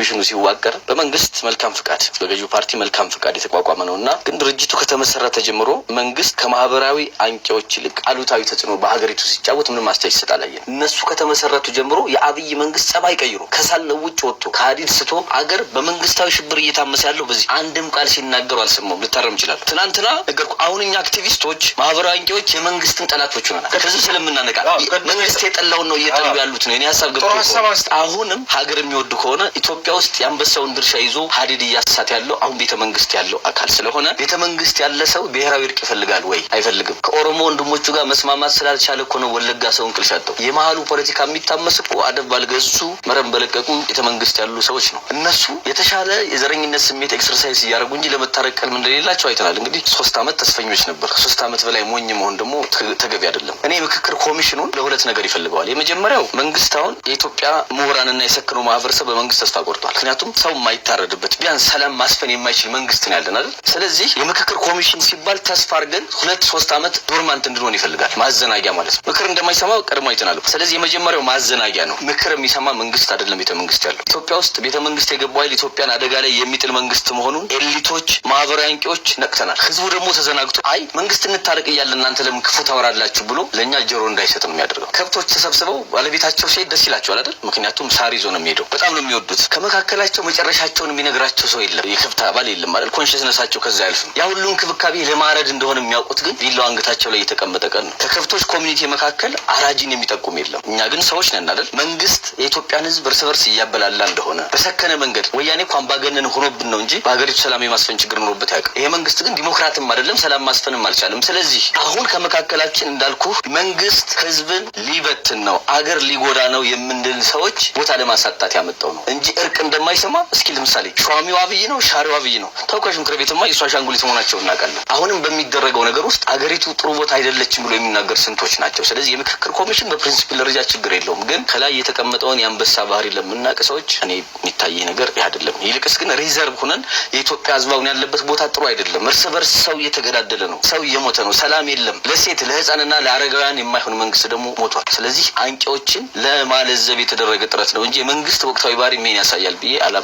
ኮሚሽኑ ሲዋቀር በመንግስት መልካም ፍቃድ በገዢው ፓርቲ መልካም ፍቃድ የተቋቋመ ነው እና ግን ድርጅቱ ከተመሰረተ ጀምሮ መንግስት ከማህበራዊ አንቂዎች ይልቅ አሉታዊ ተጽዕኖ በሀገሪቱ ሲጫወት ምንም አስተያየት ይሰጥ አላየን። እነሱ ከተመሰረቱ ጀምሮ የአብይ መንግስት ጸባይ ቀይሮ ከሳለው ውጭ ወጥቶ ከሀዲድ ስቶ አገር በመንግስታዊ ሽብር እየታመሰ ያለው በዚህ አንድም ቃል ሲናገሩ አልሰማሁም። ልታረም ይችላል። ትናንትና ነገር አሁን እኛ አክቲቪስቶች ማህበራዊ አንቂዎች የመንግስትን ጠላቶች ሆነናል። ከዚህ ስለምናነቃል መንግስት የጠላውን ነው እየጠሉ ያሉት ነው። ሀሳብ ገብቶ አሁንም ሀገር የሚወዱ ከሆነ ኢትዮጵያ ኢትዮጵያ ውስጥ የአንበሳውን ድርሻ ይዞ ሀዲድ እያሳት ያለው አሁን ቤተ መንግስት ያለው አካል ስለሆነ ቤተ መንግስት ያለ ሰው ብሔራዊ እርቅ ይፈልጋል ወይ? አይፈልግም። ከኦሮሞ ወንድሞቹ ጋር መስማማት ስላልቻለ እኮ ነው ወለጋ ሰው እንቅልፍ ያጣው። የመሀሉ ፖለቲካ የሚታመስ እኮ አደብ ባልገዙ መረን በለቀቁ ቤተ መንግስት ያሉ ሰዎች ነው። እነሱ የተሻለ የዘረኝነት ስሜት ኤክሰርሳይዝ እያደረጉ እንጂ ለመታረቅ ቀልም እንደሌላቸው አይተናል። እንግዲህ ሶስት ዓመት ተስፈኞች ነበር። ከሶስት ዓመት በላይ ሞኝ መሆን ደግሞ ተገቢ አይደለም። እኔ ምክክር ኮሚሽኑን ለሁለት ነገር ይፈልገዋል። የመጀመሪያው መንግስት አሁን የኢትዮጵያ ምሁራንና የሰክነው ማህበረሰብ በመንግስት ተስፋ ቆርጧል። ተሰርቷል። ምክንያቱም ሰው የማይታረድበት ቢያንስ ሰላም ማስፈን የማይችል መንግስት ነው ያለን አይደል? ስለዚህ የምክክር ኮሚሽን ሲባል ተስፋ አድርገን ሁለት ሶስት ዓመት ዶርማንት እንድንሆን ይፈልጋል። ማዘናጊያ ማለት ነው። ምክር እንደማይሰማ ቀድሞ አይተናል። ስለዚህ የመጀመሪያው ማዘናጊያ ነው። ምክር የሚሰማ መንግስት አይደለም ቤተ መንግስት ያለው። ኢትዮጵያ ውስጥ ቤተ መንግስት የገባው ኃይል ኢትዮጵያን አደጋ ላይ የሚጥል መንግስት መሆኑን ኤሊቶች፣ ማህበራዊ አንቂዎች ነቅተናል። ህዝቡ ደግሞ ተዘናግቶ አይ መንግስት እንታረቅ እያለ እናንተ ለምን ክፉ ታወራላችሁ ብሎ ለእኛ ጆሮ እንዳይሰጥ ነው የሚያደርገው። ከብቶች ተሰብስበው ባለቤታቸው ሲሄድ ደስ ይላቸዋል አይደል? ምክንያቱም ሳር ይዞ ነው የሚሄደው። በጣም ነው የሚወዱት። በመካከላቸው መጨረሻቸውን የሚነግራቸው ሰው የለም። የከብት አባል የለም አይደል? ኮንሽስነሳቸው ከዛ ያልፍም። ያ ሁሉ እንክብካቤ ለማረድ እንደሆነ የሚያውቁት ግን ቢላው አንገታቸው ላይ የተቀመጠ ቀን ነው። ከከብቶች ኮሚኒቲ መካከል አራጂን የሚጠቁም የለም። እኛ ግን ሰዎች ነን አይደል? መንግስት የኢትዮጵያን ህዝብ እርስ በርስ እያበላላ እንደሆነ በሰከነ መንገድ ወያኔ እኮ አምባገነን ሆኖብን ነው እንጂ በሀገሪቱ ሰላም የማስፈን ችግር ኖሮበት ያውቅ። ይሄ መንግስት ግን ዲሞክራትም አይደለም፣ ሰላም ማስፈንም አልቻለም። ስለዚህ አሁን ከመካከላችን እንዳልኩ መንግስት ህዝብን ሊበትን ነው፣ አገር ሊጎዳ ነው የምንል ሰዎች ቦታ ለማሳጣት ያመጣው ነው እንጂ እርቅ እንደማይሰማ እስኪ ለምሳሌ ሿሚው አብይ ነው፣ ሻሪው አብይ ነው። ተወካዮች ምክር ቤትማ የእሱ አሻንጉሊት መሆናቸው እናውቃለን። አሁንም በሚደረገው ነገር ውስጥ አገሪቱ ጥሩ ቦታ አይደለችም ብሎ የሚናገር ስንቶች ናቸው። ስለዚህ የምክክር ኮሚሽን በፕሪንሲፕል ደረጃ ችግር የለውም፣ ግን ከላይ የተቀመጠውን የአንበሳ ባህሪ ለምናውቅ ሰዎች እኔ የሚታይ ነገር አይደለም። ይልቅስ ግን ሪዘርቭ ሁነን የኢትዮጵያ ሕዝብ አሁን ያለበት ቦታ ጥሩ አይደለም። እርስ በርስ ሰው እየተገዳደለ ነው፣ ሰው እየሞተ ነው፣ ሰላም የለም። ለሴት ለህፃንና ለአረጋውያን የማይሆን መንግስት ደግሞ ሞቷል። ስለዚህ አንቂዎችን ለማለዘብ የተደረገ ጥረት ነው እንጂ የመንግስት ወቅታዊ ባህሪ ሜን ያሳያል الجلبية ألم